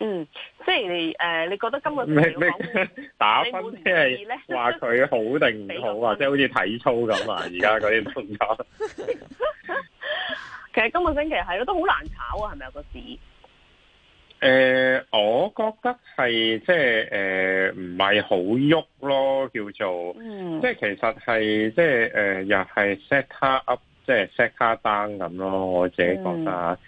嗯，即係誒、呃，你覺得今日打分，分即係話佢好定唔好啊？即係好似體操咁啊！而家嗰啲動作， 其實今個星期係咯，都好難炒啊！係咪有個市？誒、呃，我覺得係即係誒，唔係好喐咯，叫做，嗯、即係其實係即係誒、呃，又係 set up，即係 set down 咁咯。我自己覺得、嗯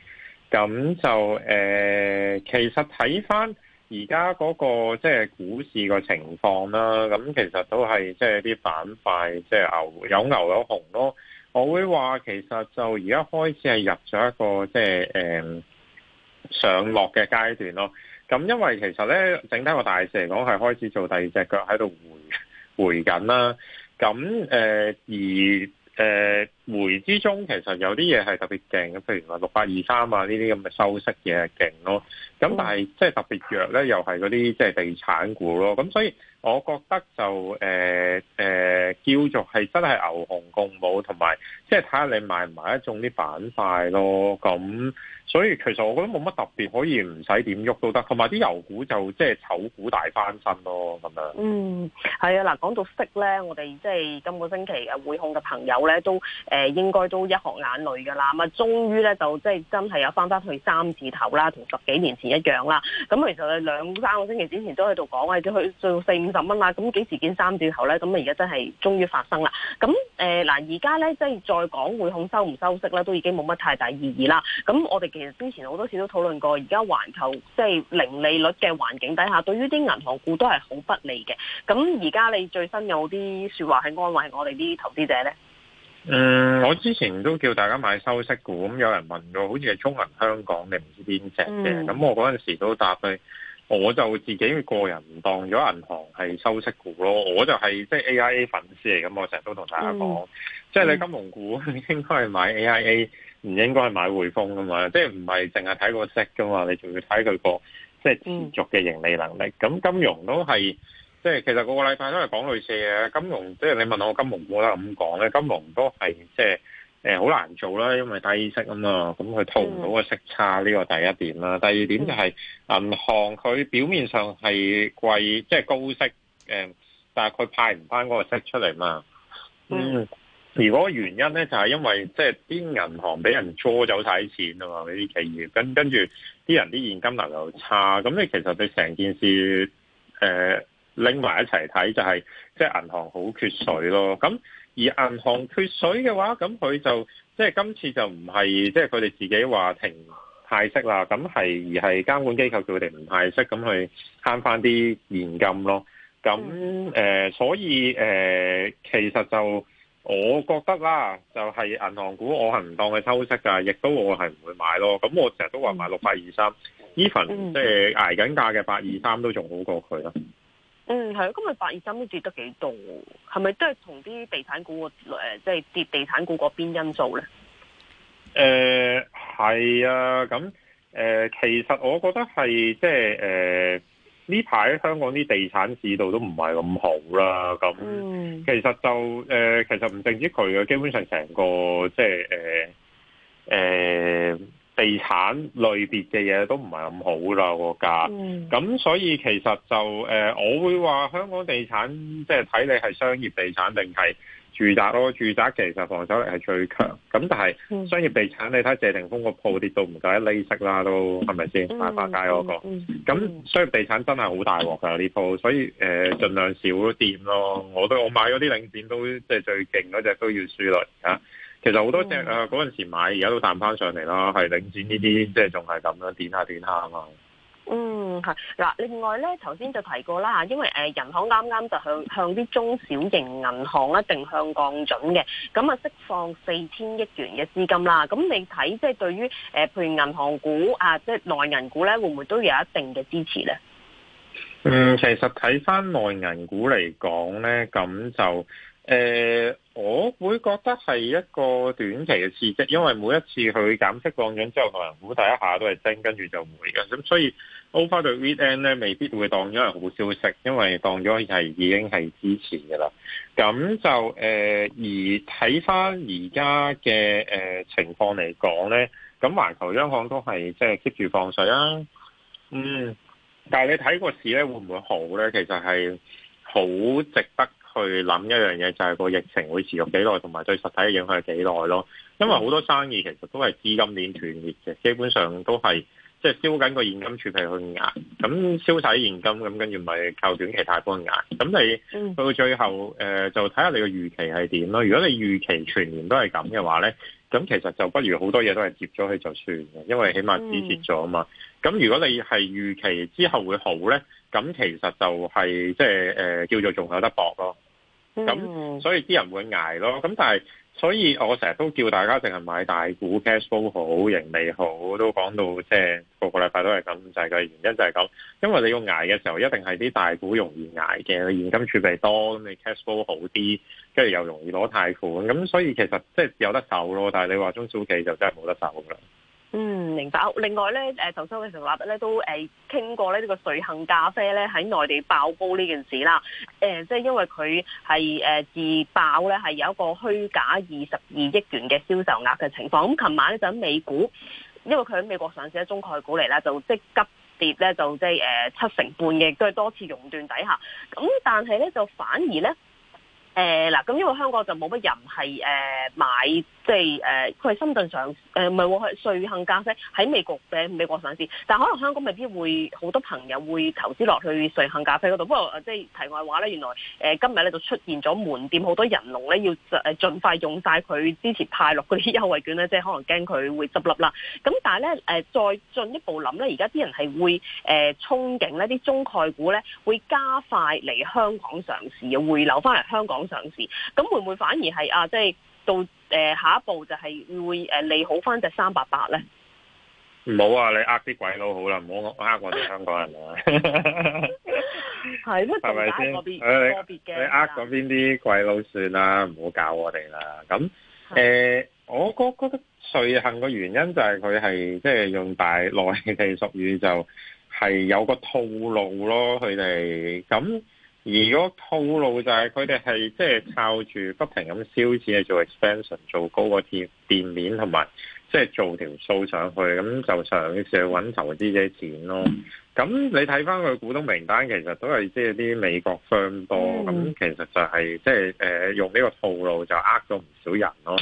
咁就誒、呃，其實睇返而家嗰個即係、就是、股市個情況啦，咁其實都係即係啲板塊即係、就是、牛有牛有熊咯。我會話其實就而家開始係入咗一個即係、就是呃、上落嘅階段咯。咁因為其實呢整體個大市嚟講係開始做第二隻腳喺度回回緊啦。咁誒、呃、而。誒回、呃、之中其實有啲嘢係特別勁，咁譬如話六百二三啊，呢啲咁嘅收息嘢勁咯，咁但係即係特別弱咧，又係嗰啲即係地產股咯，咁所以。我覺得就誒誒、呃呃，叫做係真係牛熊共舞，同埋即係睇下你買唔買得中啲板塊咯。咁所以其實我覺得冇乜特別，可以唔使點喐都得。同埋啲油股就即係炒股大翻身咯，咁樣。嗯，係啊，嗱，講到息咧，我哋即係今個星期嘅匯控嘅朋友咧，都誒、呃、應該都一殼眼淚㗎啦。咁、嗯、啊，終於咧就即係真係有翻返去三字頭啦，同十幾年前一樣啦。咁、嗯、其實兩三個星期之前都喺度講啊，即去到四十蚊啦，咁幾時見三字頭咧？咁而家真係終於發生啦。咁誒，嗱，而家咧即係再講匯控收唔收息咧，都已經冇乜太大意義啦。咁我哋其實之前好多次都討論過，而家環球即係零利率嘅環境底下，對於啲銀行股都係好不利嘅。咁而家你最新有啲說話係安慰我哋啲投資者咧？嗯，我之前都叫大家買收息股，咁有人問過，好似係中銀香港定唔知邊隻嘅？咁我嗰陣時都答佢。我就自己個人唔當咗銀行係收息股咯，我就係即係 A I A 粉絲嚟咁，我成日都同大家講，嗯、即係你金融股應該係買 A I A，唔應該係買匯豐噶嘛，即係唔係淨係睇個息噶嘛，你仲要睇佢個即係持續嘅盈利能力。咁、嗯、金融都係，即係其實個個禮拜都係講類似嘅，金融即係你問我金融股啦咁講咧，金融都係即係。誒，好、嗯、難做啦，因為低息啊嘛，咁佢套唔到個息差呢，這個第一點啦。第二點就係銀行佢表面上係貴，即、就、係、是、高息誒、嗯，但係佢派唔返嗰個息出嚟嘛。嗯，如果原因咧就係、是、因為即係啲銀行俾人搓走晒錢錢啊嘛，嗰啲企業，跟跟住啲人啲現金流又差，咁你其實對成件事誒拎埋一齊睇就係即係銀行好缺水咯，咁。而銀行缺水嘅話，咁佢就即係今次就唔係即係佢哋自己話停派息啦，咁係而係監管機構叫佢哋唔派息，咁去慳翻啲現金咯。咁誒、呃，所以誒、呃，其實就我覺得啦，就係、是、銀行股我行，我係唔當佢收息㗎，亦都我係唔會買咯。咁我成日都話買六百二三，even 即係捱緊價嘅八二三都仲好過佢啦。嗯，係，今日百二三都跌得幾多，係咪都係同啲地產股誒，即係跌地產股嗰邊因素咧？誒、呃，係啊，咁、嗯、誒，其實我覺得係即係誒，呢、呃、排香港啲地產市道都唔係咁好啦，咁其實就誒，其實唔淨止佢嘅，基本上成個即係誒誒。地產類別嘅嘢都唔係咁好啦個價，咁所以其實就誒、呃、我會話香港地產即係睇你係商業地產定係住宅咯，住宅其實防守力係最強，咁但係商業地產、嗯、你睇謝霆鋒個鋪跌到唔夠一厘息啦，都係咪先大花街嗰、那個？咁商業地產真係好大鑊噶呢鋪，所以誒盡、呃、量少掂咯，我都我買嗰啲領展都即係最勁嗰隻都要輸落。其實好多隻誒，嗰陣、嗯啊、時買，而家都彈翻上嚟啦，係領展呢啲，即係仲係咁樣，點下點下啊嘛。嗯，係嗱，另外咧，頭先就提過啦因為誒，銀、呃、行啱啱就向向啲中小型銀行咧定向降準嘅，咁啊釋放四千億元嘅資金啦。咁你睇即係對於誒、呃，譬如銀行股啊，即係內銀股咧，會唔會都有一定嘅支持咧？嗯，其實睇翻內銀股嚟講咧，咁就。誒、呃，我會覺得係一個短期嘅刺激，因為每一次佢減息降準之後，可能股第一下都係升，跟住就回，咁所以 over the weekend 咧，未必會當咗係好消息，因為當咗係已經係之前噶啦。咁就誒、呃，而睇翻而家嘅誒情況嚟講咧，咁環球央行都係即係 keep 住放水啦、啊。嗯，但係你睇個市咧會唔會好咧？其實係好值得。去諗一樣嘢就係個疫情會持續幾耐，同埋對實體嘅影響係幾耐咯。因為好多生意其實都係資金鏈斷裂嘅，基本上都係即係燒緊個現金儲備去捱，咁燒晒現金咁，跟住咪靠短期貸款捱。咁你到最後誒，就睇下你個預期係點咯。如果你預期全年都係咁嘅話咧。咁其實就不如好多嘢都係接咗佢就算嘅，因為起碼止跌咗啊嘛。咁、mm. 如果你係預期之後會好咧，咁其實就係即係誒叫做仲有得搏咯。咁、mm. 所以啲人會捱咯。咁但係。所以我成日都叫大家淨係買大股 cash flow 好，盈利好，都講到即係個個禮拜都係咁，就係個原因就係咁。因為你要捱嘅時候，一定係啲大股容易捱嘅，現金儲備多咁，你 cash flow 好啲，跟住又容易攞貸款。咁所以其實即係有得受咯，但係你話中小企就真係冇得受啦。嗯，明白。另外咧，誒頭先嘅成立咧都誒傾，呃、過咧呢個瑞幸咖啡咧喺內地爆煲呢件事啦。誒，呃，即係因為佢係誒自爆咧係有一個虛假二十二億元嘅銷售額嘅情況。咁，嗯、琴晚咧就喺美股，因為佢喺美國上市喺中概股嚟呢，就即急跌咧，就即係，呃、七成半嘅，都係多次熔斷底下。咁，嗯、但係咧就反而咧。誒嗱，咁、呃、因為香港就冇乜人係誒、呃、買，即係誒佢係深圳上，誒唔係我去瑞幸咖啡喺美國嘅美國上市，但係可能香港未必會好多朋友會投資落去瑞幸咖啡嗰度。不過即係題外話咧，原來、呃、今日咧就出現咗門店好多人龍咧，要誒盡快用晒佢之前派落嗰啲優惠券咧，即係可能驚佢會執笠啦。咁但係咧、呃、再進一步諗咧，而家啲人係會誒、呃、憧憬呢啲中概股咧會加快嚟香港上市啊，回流翻嚟香港。上市咁會唔會反而係啊？即係到誒下一步就係會誒利好翻隻三百八咧？唔好啊！你呃啲鬼佬好啦，唔好呃我哋香港人啊！係咩 吧？係咪先？誒，你呃咗邊啲鬼佬算啦？唔好搞我哋啦！咁誒，我覺覺得瑞幸嘅原因就係佢係即係用大內地俗語就係有個套路咯，佢哋咁。而個套路就係佢哋係即係靠住不停咁燒錢去做 expansion，做高個店店面同埋即係做條數上去，咁就想去搵投資者錢咯。咁你睇翻佢股東名單，其實都係即係啲美國商多，咁其實就係即係誒用呢個套路就呃咗唔少人咯。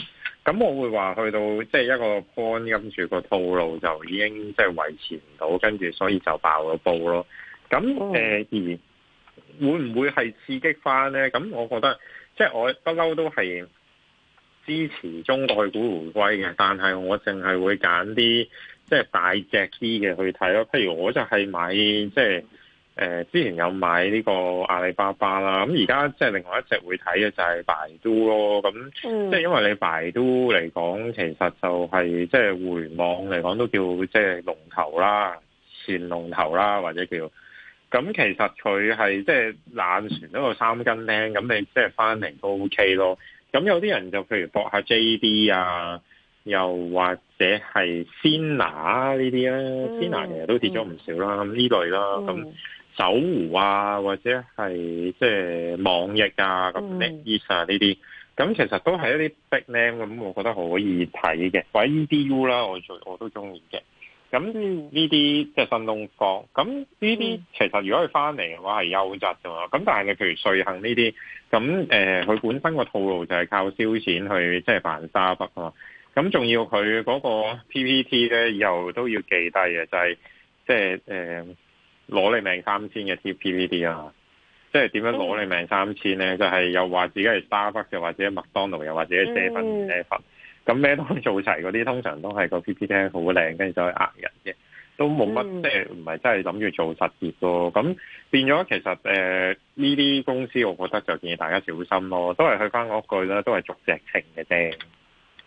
咁我會話去到即係一個 point 跟住個套路就已經即係維持唔到，跟住所以就爆咗煲咯。咁誒、oh. 而。會唔會係刺激翻呢？咁我覺得即係、就是、我不嬲都係支持中概股回歸嘅，但係我淨係會揀啲即係大隻啲嘅去睇咯。譬如我就係買即係、就是呃、之前有買呢個阿里巴巴啦。咁而家即係另外一隻會睇嘅就係百度咯。咁即係因為你百度嚟講，其實就係即係互聯網嚟講都叫即係、就是、龍頭啦、前龍頭啦，或者叫。咁其實佢係即係爛船嗰個三斤釘，咁你即係翻嚟都 O K 咯。咁有啲人就譬如博下 J D 啊，又或者係 Sina 呢啲啊、嗯、Sina 其實都跌咗唔少啦。咁呢、嗯、類啦、啊，咁搜狐啊，或者係即係網易啊，咁 NetEase 啊呢啲，咁其實都係一啲 big name 咁，我覺得可以睇嘅。或者 E D U 啦，我最我都中意嘅。咁呢啲即係新東方，咁呢啲其實如果佢翻嚟嘅話係優質嘅喎，咁、嗯、但係佢譬如瑞幸呢啲，咁誒佢本身個套路就係靠燒錢去即係、就是、辦沙發沙北嘛。咁仲要佢嗰個 PPT 咧又都要記低嘅，就係即係誒攞你命三千嘅 PPT 啊，即係點樣攞你命三千咧？嗯、就係又話自己係沙北，又或者麥當勞，又或者寫粉寫粉。咁咩都做齊，嗰啲通常都係個 PPT 好靚，跟住就去呃人嘅，都冇乜即係，唔係、嗯、真係諗住做實業咯。咁變咗其實誒呢啲公司，我覺得就建議大家小心咯，都係去翻嗰句啦，都係逐隻情嘅啫。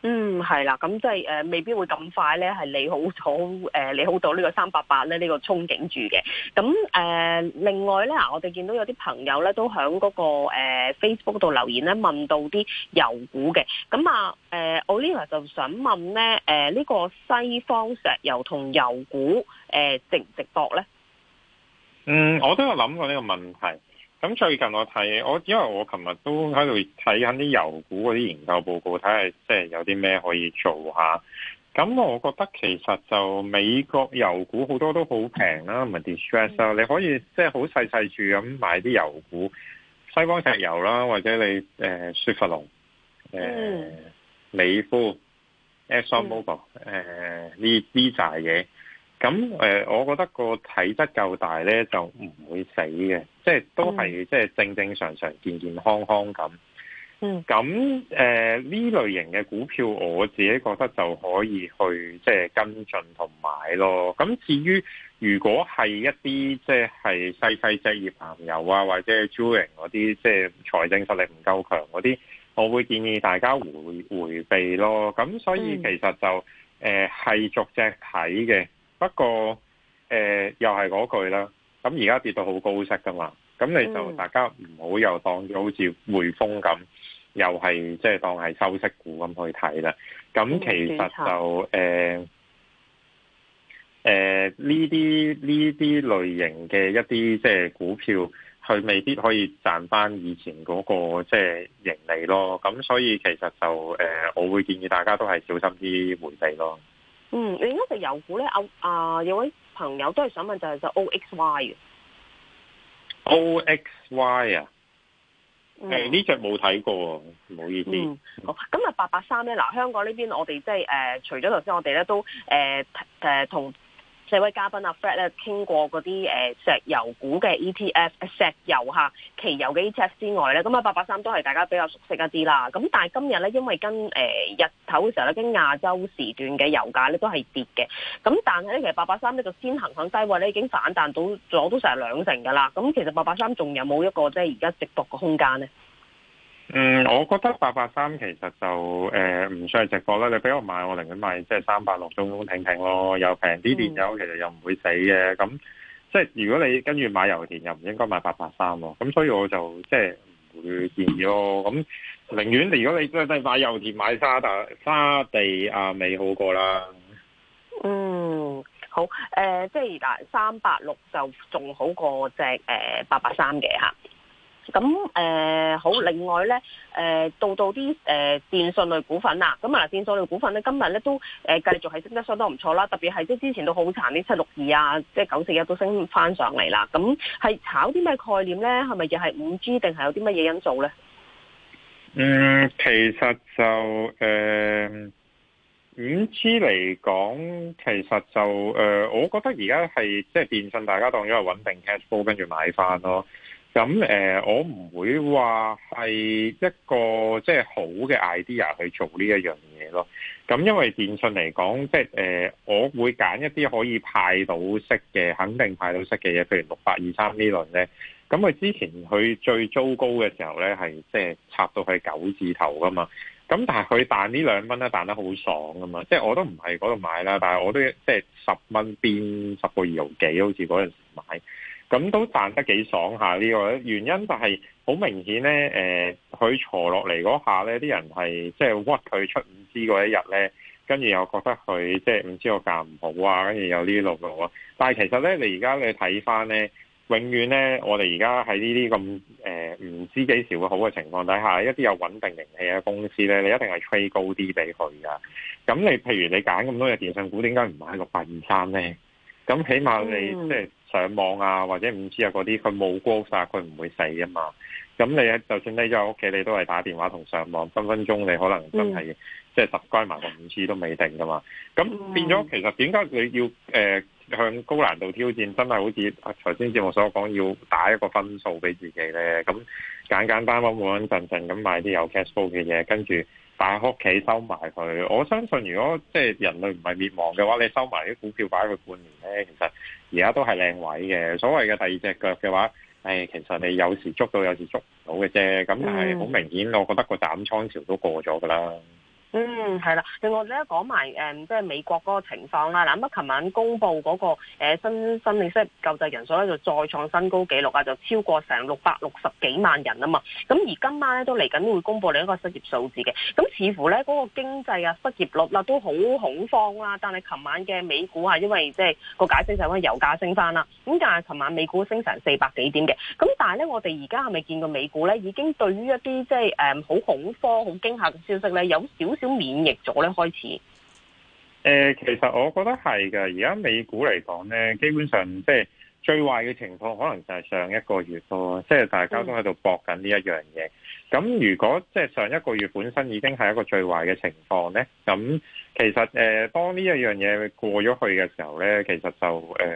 嗯，係啦，咁即係誒、呃，未必會咁快咧。係利好好誒，好到、呃、好到個呢個三八八咧呢個憧憬住嘅。咁誒、呃，另外咧我哋見到有啲朋友咧都喺嗰、那個誒、呃、Facebook 度留言咧問到啲油股嘅。咁啊，誒、呃、Olivia 就想問咧，誒、呃，呢、這個西方石油同油股誒、呃，值唔值博咧？嗯，我都有諗過呢個問題。咁最近我睇，我因為我琴日都喺度睇緊啲油股嗰啲研究報告，睇下即係有啲咩可以做下。咁我覺得其實就美國油股好多都好平啦，唔係 distress 啊，嗯、你可以即係好細細住咁買啲油股，西方石油啦，或者你誒、呃、雪佛龍、誒、呃嗯、美孚、Exxon Mobil、呃、誒呢啲大嘢。咁誒，我覺得個體質夠大咧，就唔會死嘅，即係都係即係正正常常、健健康康咁。嗯。咁誒，呢類型嘅股票，我自己覺得就可以去即係跟進同買咯。咁至於如果係一啲即係細細職業朋友啊，或者係 drawing 嗰啲，即係財政實力唔夠強嗰啲，我會建議大家回迴避咯。咁所以其實就誒係逐隻睇嘅。不過，誒、呃，又係嗰句啦。咁而家跌到好高息噶嘛，咁你就、嗯、大家唔好又當住好似匯豐咁，又係即係當係收息股咁去睇啦。咁其實就誒，誒呢啲呢啲類型嘅一啲即係股票，佢未必可以賺翻以前嗰個即係盈利咯。咁所以其實就誒、呃，我會建議大家都係小心啲回避咯。嗯，另一隻油股咧，阿、啊、阿有位朋友都係想問，就係、是、就 O X Y 嘅 O X Y 啊，誒呢隻冇睇過啊，唔好意思。嗯、好，咁啊八八三咧，嗱香港呢邊我哋即係誒，除咗頭先我哋咧都誒誒同。呃呃四位嘉賓阿 Fred 咧傾過嗰啲石油股嘅 ETF、石油嚇、其油嘅 ETF 之外咧，咁啊八八三都係大家比較熟悉一啲啦。咁但係今日咧，因為跟、呃、日頭嘅時候咧，跟亞洲時段嘅油價咧都係跌嘅。咁但係咧，其實八八三呢就先行向低位咧已經反彈到咗都成兩成㗎啦。咁其實八八三仲有冇一個即係而家直落嘅空間咧？嗯，我覺得八八三其實就誒唔需要直播啦。你俾我買，我寧願買即係三百六中平平咯，又平啲電油，嗯、其實又唔會死嘅。咁即係如果你跟住買油田，又唔應該買八八三喎。咁所以我就即係唔會建議咯。咁寧願如果你真係買油田，買沙沙地阿美好過啦。嗯，好、呃、即係但三百六就仲好過隻誒八八三嘅吓咁誒、呃、好，另外咧誒、呃、到到啲誒電信類股份啦，咁啊，電信類股份咧今日咧都誒繼、呃、續係升得相當唔錯啦，特別係即係之前都好殘啲七六二啊，即係九四一都升翻上嚟啦。咁係炒啲咩概念咧？係咪又係五 G 定係有啲乜嘢因素咧？嗯，其實就誒五、呃、G 嚟講，其實就誒、呃、我覺得而家係即係電信，就是、大家當咗係穩定 cash flow 跟住買翻咯。咁誒、呃，我唔會話係一個即係、就是、好嘅 idea 去做呢一樣嘢咯。咁因為電訊嚟講，即係誒，我會揀一啲可以派到息嘅，肯定派到息嘅嘢。譬如六八二三呢輪咧，咁佢之前佢最糟糕嘅時候咧，係即係插到佢九字頭噶嘛。咁但係佢彈兩呢兩蚊咧，彈得好爽噶嘛。即、就、係、是、我都唔係嗰度買啦，但係我都即係、就是、十蚊邊十個二毫幾，好似嗰陣時買。咁都賺得幾爽下呢個，原因就係好明顯咧。誒、呃，佢坐落嚟嗰下咧，啲人係即係屈佢出唔知嗰一日咧，跟住又覺得佢即係唔知個價唔好啊，跟住有呢路路啊。但係其實咧，你而家你睇翻咧，永遠咧，我哋而家喺呢啲咁誒唔知幾時會好嘅情況底下，一啲有穩定盈利嘅公司咧，你一定係吹高啲俾佢噶。咁你譬如你揀咁多嘅電訊股，點解唔買個六八二三咧？咁起碼你即係。嗯上網啊，或者五 G 啊嗰啲，佢冇光曬，佢唔、啊、會死啊嘛。咁你就算匿咗喺屋企，你都係打電話同上網，分分鐘你可能真係、嗯、即係十關埋個五 G 都未定噶嘛。咁變咗其實點解佢要誒？呃向高難度挑戰，真係好似頭先節目所講，要打一個分數俾自己咧。咁簡簡單單、穩穩陣陣咁買啲有 cash 報嘅嘢，跟住擺喺屋企收埋佢。我相信，如果即係、就是、人類唔係滅亡嘅話，你收埋啲股票擺佢半年咧，其實而家都係靚位嘅。所謂嘅第二隻腳嘅話，誒、哎，其實你有時捉到，有時捉唔到嘅啫。咁但係好明顯，我覺得個斬倉潮都過咗㗎啦。嗯，係啦。另外咧，講埋誒、嗯，即係美國嗰個情況啦。嗱，咁啊，琴晚公布嗰、那個誒、呃、新失業救濟人數咧，就再創新高紀錄啊，就超過成六百六十幾萬人啊嘛。咁而今晚咧都嚟緊會公布另一個失業數字嘅。咁似乎咧嗰、那個經濟啊失業率啦都好恐慌啦。但係琴晚嘅美股啊，因為即係個解釋就係因為油價升翻啦。咁但係琴晚美股升成四百幾點嘅。咁但係咧，我哋而家係咪見過美股咧已經對於一啲即係誒好恐慌、好驚嚇嘅消息咧有少？都免疫咗咧，開始。誒，其實我覺得係㗎。而家美股嚟講咧，基本上即係最壞嘅情況，可能就係上一個月咯。即係、嗯、大家都喺度搏緊呢一樣嘢。咁如果即係上一個月本身已經係一個最壞嘅情況咧，咁其實誒、呃，當呢一樣嘢過咗去嘅時候咧，其實就誒、呃、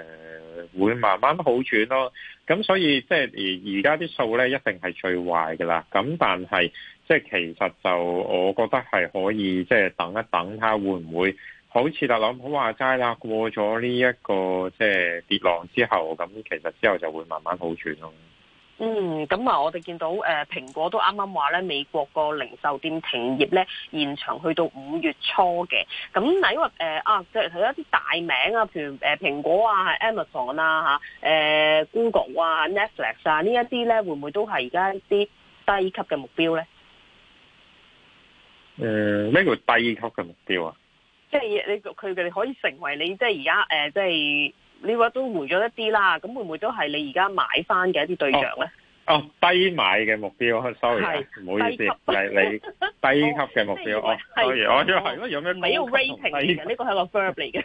會慢慢好轉咯。咁所以即係而而家啲數咧，一定係最壞㗎啦。咁但係。即係其實就我覺得係可以，即係等一等，睇下會唔會好似特朗普話齋啦，過咗呢一個即係跌浪之後，咁其實之後就會慢慢好轉咯。嗯，咁啊，我哋見到誒蘋果都啱啱話咧，美國個零售店停業咧，延長去到五月初嘅。咁嗱，因為誒、呃、啊，即係睇一啲大名啊，譬如誒蘋果啊、係 Amazon 啦、啊、吓、呃、誒 Google 啊 Netflix 啊一呢一啲咧，會唔會都係而家一啲低級嘅目標咧？誒，呢個、呃、低級嘅目標啊，即係你佢哋可以成為你即係而家誒，即係呢個都回咗一啲啦。咁會唔會都係你而家買翻嘅一啲對象咧、哦？哦，低買嘅目標，sorry，唔是好意思，係級你低級嘅目標。哦，sorry，哦，又係咯，有咩係一個 rating 嚟嘅，呢個係個 verb 嚟嘅。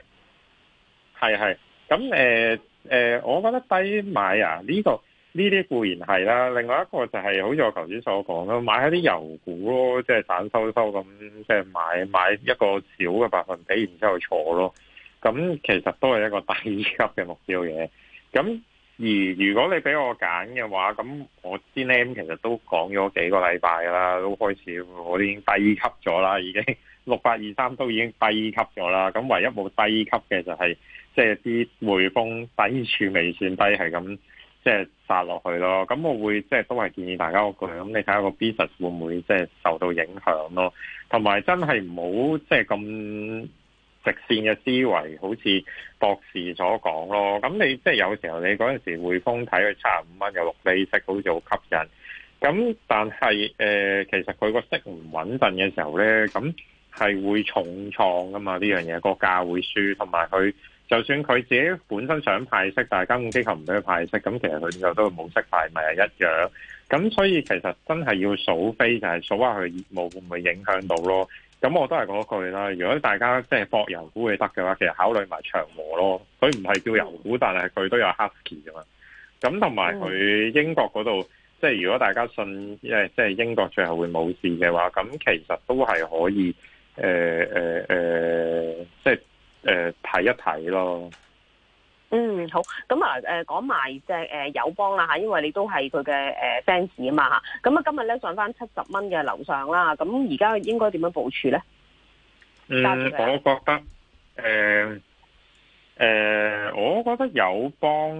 係係， 咁誒誒，我覺得低買啊，呢、這個。呢啲固然係啦，另外一個就係、是、好似我頭先所講咯，買一啲油股咯，即係散收收咁，即係買買一個少嘅百分比，然之後坐咯。咁其實都係一個低級嘅目標嘢。咁而如果你俾我揀嘅話，咁我先咧，其實都講咗幾個禮拜啦，都開始我已經低級咗啦，已經六百二三都已經低級咗啦。咁唯一冇低級嘅就係即係啲匯豐低處未算低，係咁。即係殺落去咯，咁我會即係都係建議大家我個句，咁你睇下個 business 會唔會即係受到影響咯，同埋真係唔好即係咁直線嘅思維，好似博士所講咯，咁你即係有時候你嗰陣時匯豐睇佢七十五蚊有六釐息，好似好吸引，咁但係誒、呃、其實佢個息唔穩陣嘅時候咧，咁係會重創噶嘛呢樣嘢，國、這個、個價會輸同埋佢。就算佢自己本身想派息，但係監管機構唔俾佢派息，咁其實佢又都冇息派，咪係一樣。咁所以其實真係要數飛，就係數下佢業務會唔會影響到咯。咁我都係嗰句啦。如果大家即係博油股嘅得嘅話，其實考慮埋長和咯。佢唔係叫油股，但係佢都有 Husky 㗎嘛。咁同埋佢英國嗰度，即係如果大家信即係英國最後會冇事嘅話，咁其實都係可以誒誒誒，即係。誒，睇、呃、一睇咯。嗯，好。咁啊，誒、呃，講埋隻誒友邦啦吓，因為你都係佢嘅誒 fans 啊嘛。咁啊，今日咧上返七十蚊嘅樓上啦。咁而家應該點樣部署咧？嗯，我覺得誒誒、呃呃，我覺得友邦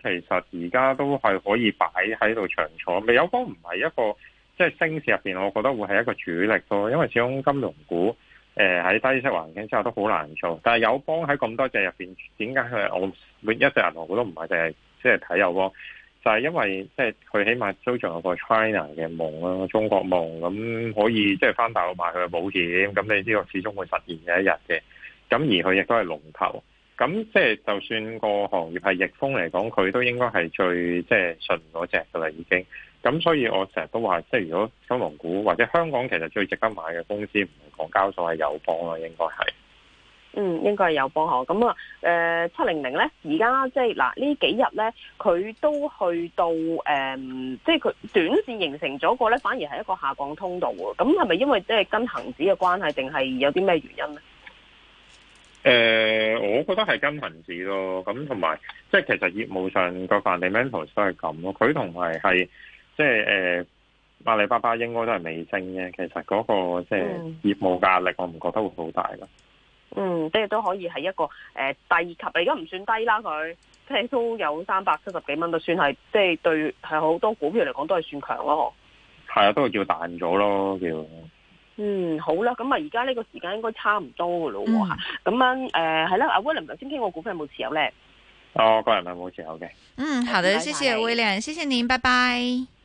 其實而家都係可以擺喺度長坐。咪友邦唔係一個即係升市入邊，我覺得會係一個主力咯。因為始終金融股。誒喺低息環境之下都好難做，但係友邦喺咁多隻入面，點解佢我每一隻銀行我都唔係淨係即係睇友邦，就係因為即係佢起碼都仲有個 China 嘅夢啦，中國夢咁可以即係返大陸買佢嘅保險，咁你呢個始終會實現嘅一日嘅，咁而佢亦都係龍頭，咁即係就算個行業係逆風嚟講，佢都應該係最即係順嗰隻噶啦已經。咁所以，我成日都話，即係如果香港股或者香港其實最值得買嘅公司，唔係港交所係友邦咯，應該係。該是嗯，應該係友邦嗬。咁、呃、啊，誒，七零零咧，而家即係嗱呢幾日咧，佢都去到誒、呃，即係佢短線形成咗個咧，反而係一個下降通道嘅。咁係咪因為即係跟恒指嘅關係，定係有啲咩原因咧？誒、呃，我覺得係跟恒指咯。咁同埋，即係其實業務上個 fundamentals 都係咁咯。佢同埋係。即係誒，阿、欸、里巴巴應該都係微升嘅。其實嗰、那個即係業務壓力，我唔覺得會好大噶。嗯，即係都可以係一個誒、呃、低級，而家唔算低啦。佢即係都有三百七十幾蚊，都算係即係對係好多股票嚟講都係算強咯。係啊、嗯，都係叫彈咗咯，叫嗯好啦。咁啊，而家呢個時間應該差唔多噶咯。咁樣誒係啦。阿 William 頭先傾過股票，有冇持有咧？哦，個人係冇持有嘅。嗯，好的，謝謝 William，謝謝您，拜拜。